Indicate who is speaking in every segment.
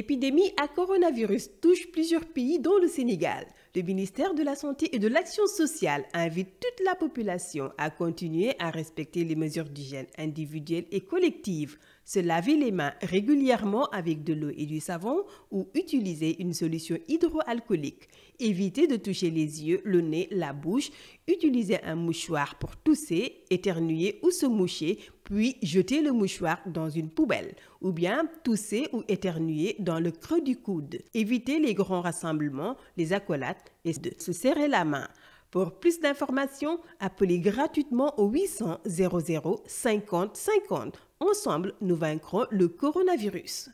Speaker 1: L'épidémie à coronavirus touche plusieurs pays dont le Sénégal. Le ministère de la Santé et de l'Action sociale invite toute la population à continuer à respecter les mesures d'hygiène individuelles et collectives se laver les mains régulièrement avec de l'eau et du savon ou utiliser une solution hydroalcoolique, éviter de toucher les yeux, le nez, la bouche, utiliser un mouchoir pour tousser, éternuer ou se moucher, puis jeter le mouchoir dans une poubelle, ou bien tousser ou éternuer dans le creux du coude. Éviter les grands rassemblements, les accolades et se serrer la main. Pour plus d'informations, appelez gratuitement au 800 00 50 50 Ensemble, nous vaincrons le coronavirus.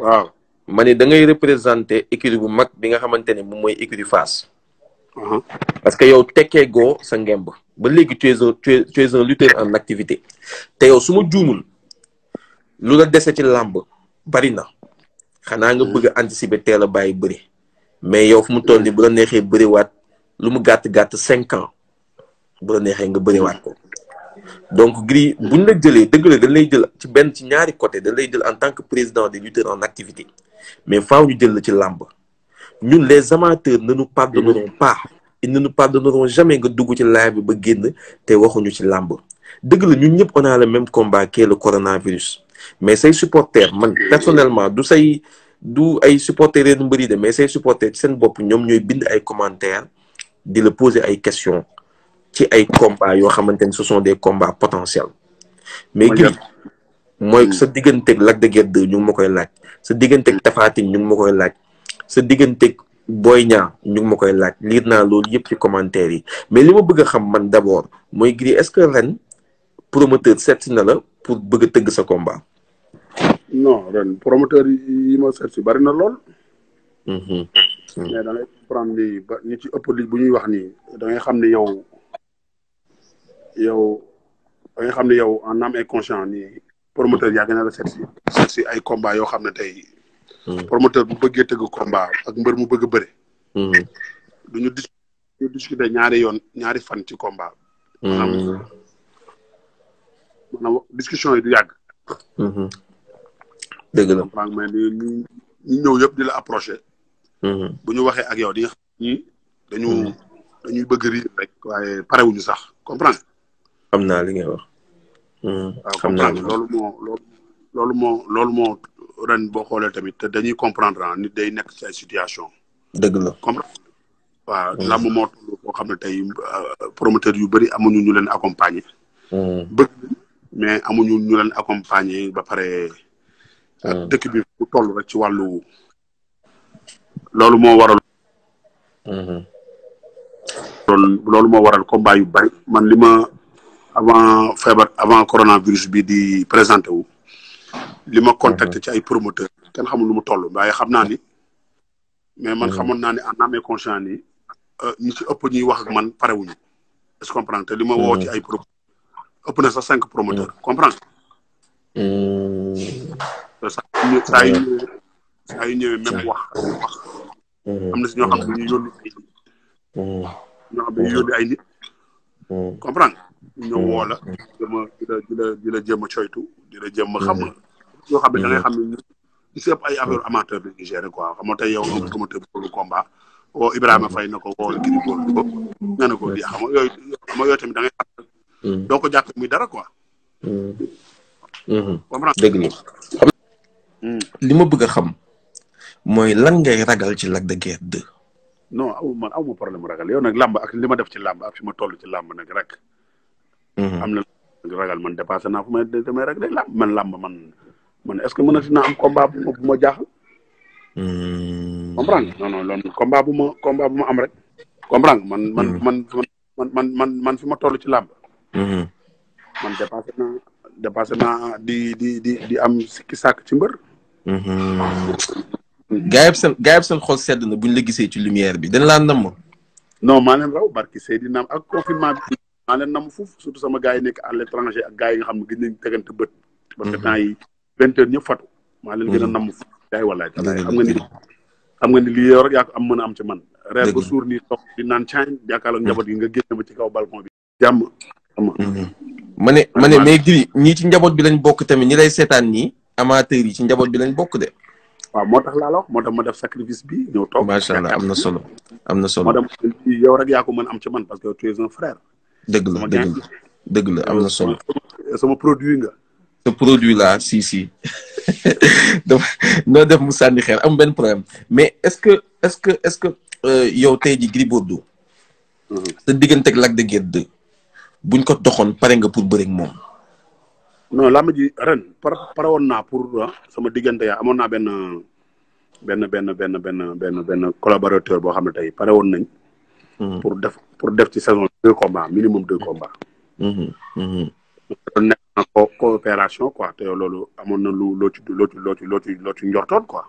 Speaker 1: waaw ma ne da ngay représenter écurie bu mag bi nga xamante ne moom mooy écurie Fass. Uh-huh. parce que yow tekkee go sa ngemb ba léegi tu es un tu es un lutteur en activité te yow su ma juumul lu la dese ci làmb bari na xanaa nga bëgg a anticiper teel a bàyyi bëri mais yow fu mu toll nii bu la neexee bëriwaat lu mu gàtt gàtt cinq ans bu la neexee nga bëriwaat ko. donc gri bu ñu la jëlee dëgg la dañ lay jël ci benn ci ñaari côté dañ lay jël en tant que président des lutteurs en activité mais faaw ñu jël la ci làmb ñun les amateurs ne nous pardonneront pas ils ne nous pardonneront jamais nga dugg ci live bi ba génn te waxuñu ci làmb dëgg la ñun ñëpp on a même combat que le coronavirus mais say supporters man personnellement du say du ay supporters yenn mbër yi de mais say supporters seen bopp ñoom ñooy bind ay commentaires di la poser ay questions ci ay combats yoo xamante ne ce sont des combats potentiels. mais Gris mooy hmm. sa digganteeg Lac de Guiers 2 ñu ngi ma koy laaj. sa digganteeg hmm. Tapha Tine ñu ngi ma koy laaj. sa digganteeg Boy Niang ñu ngi ma koy laaj liir naa loolu yëpp ci commentaire yi mais li ma bëgg a xam man d' abord mooy Gris est ce que ren promoteur seet si na la pour bëgg tëgg sa combat.
Speaker 2: non ren promoteur yi ma seet si bari na lool. Mhm. mais da ngay comprendre ni ba ñi ci bu ñuy wax nii da ngay xam ni yow. yow ba nga xam ne yow en âme et conscience nii promoteur yàgg na la si si ay combat yoo xam ne tey. Hmm. promoteur bu bëggee tëgg combat ak mbër mu bëgg a bëre. Hmm. du ñu discuter ñaari yoon ñaari fan ci combat.
Speaker 1: maanaam
Speaker 2: hmm. discussion yi du yàgg. dëgg la maa ngi may ñëw yëpp di la approché. bu ñu waxee ak yow di nga dañu dañuy bëgg riir rek waaye parewuñu sax comprendre
Speaker 1: xam naa li ngay wax. Hmm, ah, xam naa loolu
Speaker 2: moo loolu moo loolu moo ren boo xoolee tamit dañuy comprendre ah nit day nekk ci ay situation. dëgg la comprendre waaw hmm. làmb moo toll xam ne tey euh, promoteur yu bëri amuñu ñu leen accompagner. Hmm. bëgg amuñu ñu leen accompagner ba pare. Euh, dëkk bi bu toll rek ci wàllu. loolu moo waral. loolu moo waral combat yu bari man li avant feebar avant coronavirus bi di présenté wu. li ma contacté mhm. ci ay promoteur kenn xamul lu mu toll waaye xam naa ni. mais man mhm. xamoon naa ne en amee conscient ni euh, ñi ci ëpp ñuy wax ak man pare wuñu est-ce comprendre te li ma woo ci mhm. ay pro ëpp na sa cinq promoteurs comprendre saa yu ñëwee saa wax wax am xam ne ñu yónni ay nit ay nit comprendre ñëw mm-hmm. woo la. Mm-hmm. dama di la di la xam. yoo mm-hmm. xam ne da ngay xam ne ñu si ëpp ay Ibrahima Faye na ko woo Gris Bordeaux nga ne ko di xam nga xam nga yooyu da doo ko jàpp muy dara quoi. comprendre dëgg mm.
Speaker 1: ma bëgg a xam. mooy lan ngay ragal ci Lac de Guiers 2.
Speaker 2: non aw ma problème ragal yow nag làmb ak li ma def ci làmb ak fi ma toll ci làmb nag rek. Mm-hmm. am na ragal man dépassé naa fu may demee rek day làmb man làmb man man est ce que mënati naa am combat bu ma jaaxal. Mm-hmm. comprendre non non loolu combat bu ma combat bu ma am rek. comprendre man mm-hmm. man man man man man man fi ma toll ci làmb. man dépassé naa di di di di am sikki sàkk ci mbër. gaa yëpp seen gaa yëpp sedd na buñ la gisee ci lumière bi dañ laa namm. non maa leen raw barki Seydina ak confinement maa leen foofu surtout sama gars yi nekk à l'étranger ak gars mhm. a mhm. nam xam nga ni xam nga ni yow rek yaa am mën am ci man. reer ba suur nii toog di naan caañ jàkkaarloog njaboot yi nga génne ma ci kaw balcon bi. Mhm.
Speaker 1: ma ne ma ne mais Gris ñii ci njaboot bi lañ bokk
Speaker 2: tamit ñi lay seetaan nii amateurs yi ci njaboot bi lañ bokk de. waaw moo tax laa moo tax ma def sacrifice bi ñëw toog. macha la am na solo am na solo. moo tax yow rek yaa ko mën am ci man parce que tu es frère. dëgg la dëgg la dëgg la am na solo. sama produit nga. sa
Speaker 1: produit la si si dafa def mu sànni xeer am benn problème mais est-ce que est-ce que est-ce que euh, yow tey ji Gris te mhm. sa lag Lac de Guiers 2 buñ ko doxoon pare nga pour bëreeg moom.
Speaker 2: non làmb ji ren par pare woon naa pour ah, sama diggante yaa amoon naa benn benn benn benn benn benn benn collaborateur boo xam ne tey pare woon nañ. Mm-hmm. pour def pour def ci saison deux combats minimum deux combats. doon mm-hmm. mm-hmm. nekk en co coopération quoi te loolu amoon na lu loo ci loo ci loo ci loo ci loo ci njortoon quoi.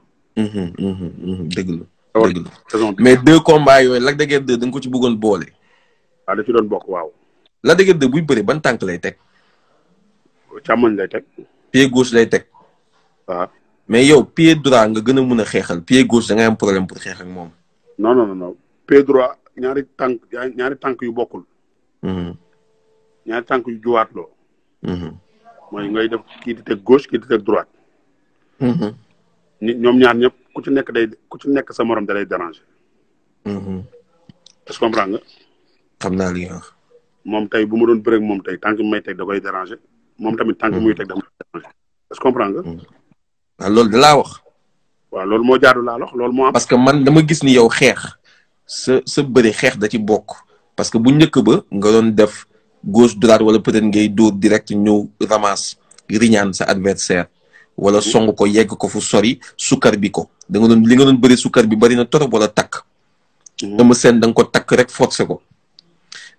Speaker 1: dëgg la dëgg
Speaker 2: la mais deux yooyu Lac de Guiers da nga ko ci bëggoon boole. a ah, da
Speaker 1: ci doon bokk waaw. Lac de Guiers buy bëri ban tànk lay teg. càmmoñ lay teg. pied gauche lay teg. waaw. Ah. mais yow pied droit nga gën a mun a xeexal pied gauche da ngay am
Speaker 2: problème pour xeex ak moom. non non non pied droit ñaari tànk ñaari tànk yu bokkul. Mm-hmm. ñaari tànk yu juwaatloo. Mm-hmm. mooy ngay def kii di teg gauche kii di teg droite. Mm-hmm. nit ñoom ñaar ñëpp ku ci nekk day ku ci nekk sa morom da lay déranger. est-ce que nga. xam naa li nga wax. moom tey bu mu doon bëreeg moom tey tànk may teg da koy déranger moom tamit tànk muy teg da koy déranger est-ce que nga. waaw ah, loolu da laa wax. waaw loolu moo jaadu laa wax loolu moo
Speaker 1: am. parce que man dama gis ni yow xeex. sa sa bëri xeex da ci bokk parce que bu njëkk ba nga doon def gauche droite wala peut-être ngay dóor direct ñëw ramasse riñaan sa adversaire wala mhm. song ko yegg ko fu sori sukar bi ko da nga doon li nga doon bëri sukkar bi bari na torop wala takk dama mhm. seen da nga ko takk rek forcé ko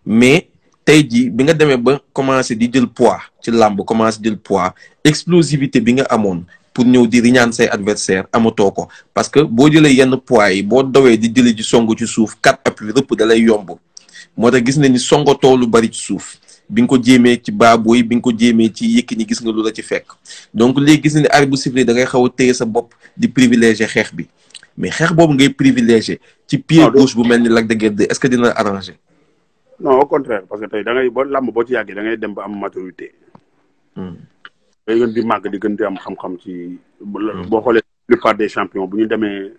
Speaker 1: mais tey jii bi nga demee ba commencé di jël pois ci làmb commencé jël pois explosivité bi nga amoon pour ñëw di riñaan say adversaire amatoo ko parce que boo jëlee yenn poids yi boo dowee di jëlee ji songu ci suuf quatre appui rëpp dalay yomb moo tax gis nañ ni songatoo lu bari ci suuf bi nga ko jéemee ci baaboy bi nga ko jéemee ci Yékini gis nga lu la ci fekk donc léegi gis nañ ne arbitre bu sifflé da ngay xaw a téye sa bopp di privilégier xeex bi mais xeex boobu ngay privilégier ci pied gauche bu mel ni Lac de Guiers 2 est-ce que dina arranger
Speaker 2: non au contraire parce da ngay boo làmb boo ci yàggee da ngay ba am maturité hmm. day gën màgg di gën di am xam-xam ci. Hmm. boo xoolee plupart des champions bu ñu demee.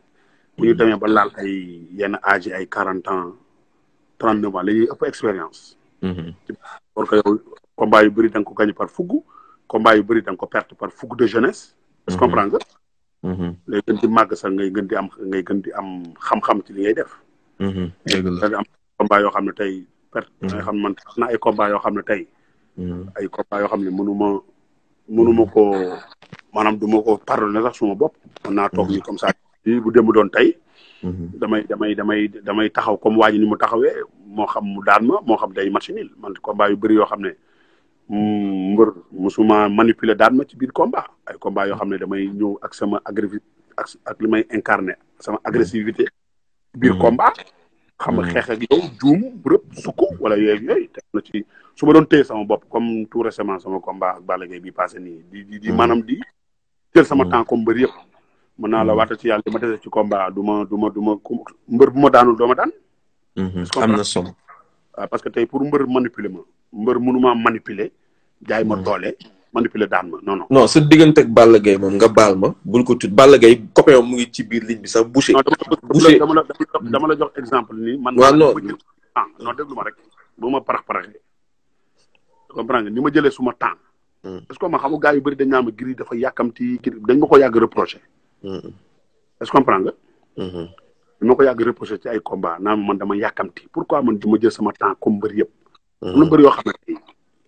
Speaker 2: bu ñu demee ba laal ay yenn âge ay quarante ans trente neuf ans la ñuy ëpp expérience. Hmm. parce que yow bëri da nga ko gagné par fukk. combat yu bëri da ko perte par fukk de jeunesse. est-ce que hmm. comprendre nga. lay di màgg sax ngay gën di am ngay gën di am xam-xam ci li ngay def. dëgg la da yoo xam ne tey perte. nga xam man na ay combat yoo xam ne tey. ay yoo xam mënuma ko maanaam duma ko ko na sax suma bopp mën naa toog ni mhm. comme ça bu démb doon tey mhm. damay damay damay damay taxaw comme waa ji ni mu taxawee moo xam mu daan ma moo xam day machine man combat yu bëri yoo xam ne mm, mbër musuma manipuler daan ma ci biir combat ay combat yoo xam ne damay ñëw ak sama agressivité ak ak li may incarné sama mhm. agressivité biir xam nga hmm. xeex ak yow juum rëbb sukk wala yooyu yooyu teg na ci su doon téye sama bopp comme tout récemment sama combat ak Balla Gaye bi passé nii di di di hmm. maanaam sama hmm. temps comme mbër yëpp mën naa la waata ci yàlla ma dese ci combat du ma du ma du ma mbër bu ma daanul dooma ma daan am na solo ah, parce que tey pour mbër manipuler ma mbër mënumaa manipuler jaay mo doole manipuler daan ma non non. non
Speaker 1: sa diggante ak Balla Gaye moom nga baal ma bul ko tudd Balla Gaye copain mu ngi ci biir ligne bi sax boucher.
Speaker 2: boucher dama la hmm. dama la jox exemple nii. man waaw non ah non déglu ma rek bu ma parax paraxee. comprendre nga ni ma jëlee suma temps. Hmm. est ce ma xamu gars yu bëri dañ naan ma dafa yàkkamti dañ ma ko yàgg reproché. Hmm. est ce que comprendre ma ay combat man dama yàkkamti pourquoi man du ma jël sama temps comme mbër yëpp. am na mbër yoo xam ne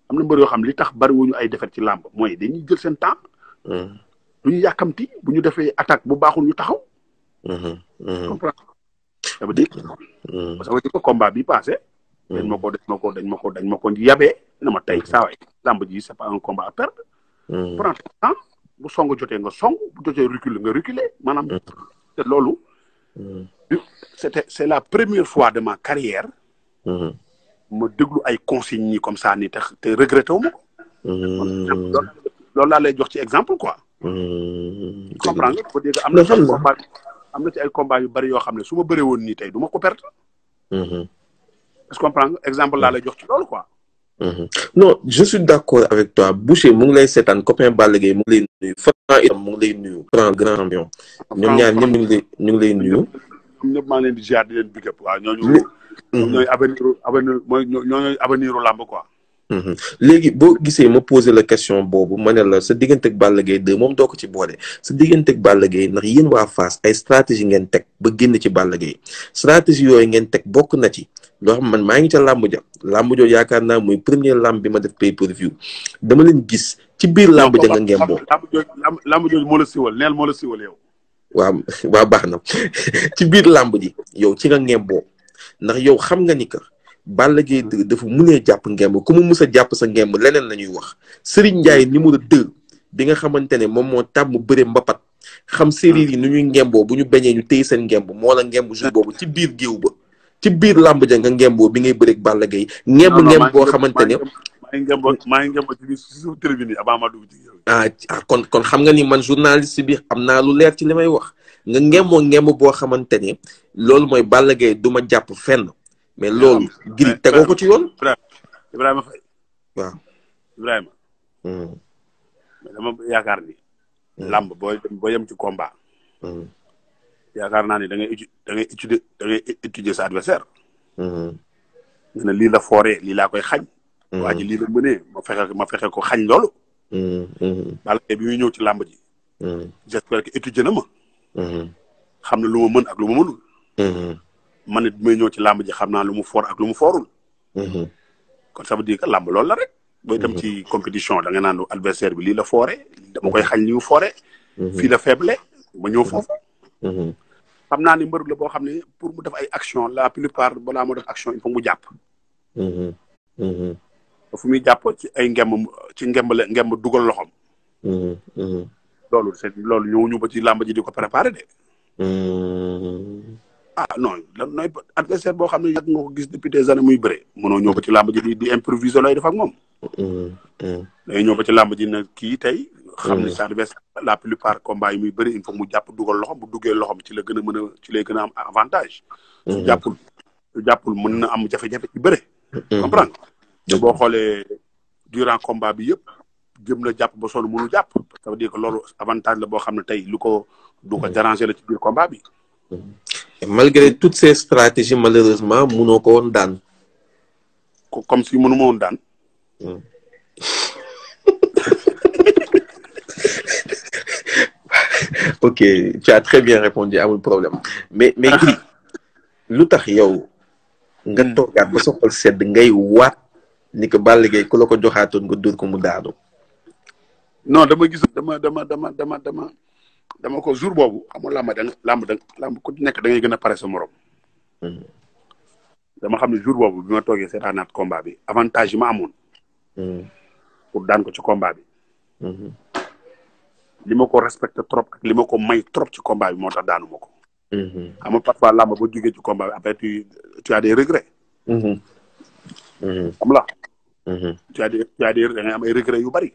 Speaker 2: am na mbër yoo xam li tax bariwuñu ay defet ci làmb mooy dañuy jël seen temps. du hmm. ñu yàkkamti bu ñu defee attaque bu baaxul ñu taxaw. Hmm, hmm, comprendre nga. dégg nga. parce que dañ ma ko dañ ma ko dañ ma ko dañ ma ko yabee na ma tey saa waay làmb ji c'est pas un combat à perdre. bu song jotee nga song bu jotee reculer nga reculer maanaam. te loolu. c'était c'est la première fois de ma carrière. ma déglu ay consignes yi comme ça nii te te regretté wu ma
Speaker 1: hmm.
Speaker 2: loolu laa lay jox ci exemple quoi.
Speaker 1: Hmm. comprendre nga
Speaker 2: ko am na ci ay combat am na ci ay yu bari yoo xam ne su ma bëree woon nii tey duma ko perte. Hmm. est-ce que exemple laa jox ci loolu quoi.
Speaker 1: non je suis d'accord avec toi Boucher mu ngi lay seetaan copain Balla Gaye
Speaker 2: mu ngi lay nuyu Franc itam mu ngi lay nuyu. grand grand champion ñoom ñaar ñoom ñu ngi lay ñu ngi lay nuyu. ñëpp maa leen di ziar di leen big up waaw ñooñu. ñoom mhm. ñooy avenir avenir mooy ñooñu aveniru làmb quoi.
Speaker 1: Mhm. léegi boo gisee ma posé la question boobu ma ne la sa diggante Balla Gaye 2 moom doo ko ci boole sa diggante ak Balla Gaye ndax yéen waa Fass ay stratégie ngeen teg ba génn ci Balla Gaye stratégie yooyu ngeen teg bokk na ci loo man maa ngi ca làmb ja làmb jo yaakaar naa muy premier làmb bi ma def pay per view dama leen gis ci biir lamb ja nga ngeen boo
Speaker 2: làmb jooju moo la siwal neel moo la siwal yow
Speaker 1: waa waa baax na ci biir làmb ji yow ci nga ngemboo ndax yow xam nga ni que Balla Gaye dafa munee jàpp ngemb ku mu mus jàpp sa ngemb leneen la ñuy wax Serigne Ndiaye numéro deux bi nga xamante ne moom moo tàmm bëre mbapat xam séeréer yi nu ñuy ngemboo bu ñu bañee ñu téy seen ngemb moo la ngemb jour boobu ci biir géew ba ci biir làmb ja nga ngemboo bi ngay bëreeg Balla Gaye ngemb ngemb boo xamante ne
Speaker 2: ngi njaboot maa ngi njaboot ci biir suuf tribune yi avant ma dugg ci
Speaker 1: ah ah kon xam nga ni man journaliste bi am na lu leer ci li may wax nga ngemoo ngemb boo xamante ne loolu mooy Balla Gaye du ma jàpp fenn mais loolu Gris tegoo ko ci yoon
Speaker 2: Ibrahima Faye waaw Ibrahima hmm. mais dama yaakaar ni hmm. làmb booy dem boo yem ci combat hmm. yaakaar naa ni da ngay sa adversaire nga ne lii la fooree koy xañ Mm. waa ji lii la mënee ma fexe ma fexe ko xañ loolu. Mm, mm. Balla Gaye bi muy ñëw ci làmb ji. j'espère que na mm-hmm. xam na lu mën ak lu ma mënul. Mm-hmm. man it bi may ñëw ci làmb ji xam naa lu mu foor ak lu mu foorul. Mm-hmm. kon ça veut dire que làmb loolu la rek. booy dem ci compétition da nga naan adversaire bi lii la foore dama koy xañ li foore. fii la faible ma ñëw foofu. xam naa ni mbër la boo xam ne pour mu def ay action la plupart balaa moo def action il faut mu jàpp. fu muy jàpp ci ay ngemb ci ngemb la dugal loxom mm-hmm, mm-hmm. loolu c'est loolu ñëwuñu ba ci làmb ji di ko préparé de. Mm-hmm. ah non lan nooy adversaire boo xam ne yàgg nga ko gis depuis des années muy bëre mënoo ñëw ba ci làmb ji di di improviser de def ak moom. day ñëw ba ci làmb ji ne kii tey. xam ne sa adversaire la plupart combat yi muy bëri il faut mu jàpp dugal loxom bu duggee loxom ci la gën a mën a ci lay gën am avantage. su jàppul su jàppul mën na am jafe-jafe ci bëre. comprendre te boo xoolee durant combat bi yëpp jëm la jàpp ba sonn mënu jàpp ça veut dire que avantage la boo xam ne tey lu ko du déranger la ci biir combat bi.
Speaker 1: malgré toutes ces stratégies malheureusement mënoo ko woon daan. comme si mënu woon daan. Hmm. ok tu très bien répondu amul problème mais mais. lu tax yow. nga hmm. toogaat ba soxal sedd ngay waat. ni ko Balla Gaye ku la ko joxaatoon nga dóor ko mu daanu.
Speaker 2: non dama gis dama dama dama dama dama ko jour boobu amul làmb da nga làmb da lamb làmb ku nekk da ngay gën a pare sa morom. Hmm. xam ne jour boobu bi ma toogee seetaanaat bi avantage yi hmm. pour daan ko ci combat bi. Hmm. li ma ko respecté trop ak li ma ko may trop ci combat bi moo tax daanu ma ko. xam parfois làmb boo jógee ci combat après tu tu as des Mm-hmm. c'est-à-dire cest à am ay regret yu bari.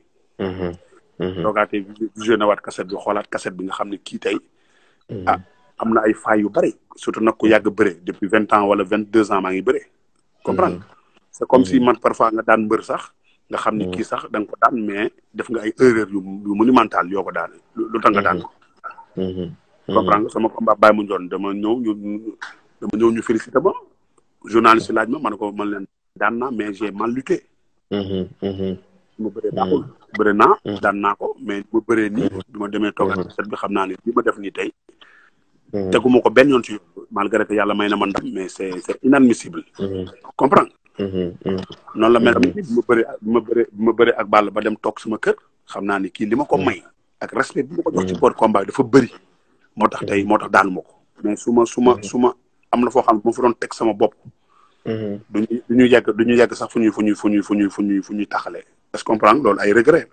Speaker 2: toogaatee mm-hmm. mm-hmm. visionné waat kaset xoolaat kaset bi nga xam ne kii tey. ah am na ay failles yu bari. surtout nag ku yàgg bëre depuis vingt ans wala vingt deux ans maa ngi bëre. comprendre c'est comme si man parfois nga daan mbër sax. nga xam ni kii sax da ko daan mais def nga ay erreur yu yu monumental yoo ko daan lu tax nga daan ko. comprendre nga sama combat Baye Mandione dama ñëw ñu dama ñëw ñu félicité ma journaliste laaj ma man ko man leen daan mais j'ai mal lutté. ma mm-hmm, mm-hmm. bëree mm. baaxul bëri naa mm-hmm. daan naa ko mais ma bëree nii bi ma demee toog ak bi xam naa ne li ma def nii tey teguma ko benn yoon ci malgré que yàlla may na ma ndam mais c'est c'est inadmissible comprends noonu la mel bi ma bëri bi ma bëri bi bëri ak Balla ba dem toog suma kër xam naa ni kii li ma ko may ak respect bi ma ko jox ci sport combat dafa bëri moo tax tey moo tax daanu ma ko mais suma ma su ma su am na foo xam ne ma fa doon teg sama bopp Mm-hmm. duñu duñu yàgg duñu yàgg sax fu ñuy fu ñuy fu ñuy fu ñuy fu ñuy fu ñuy taxalee est-ce loolu ay regret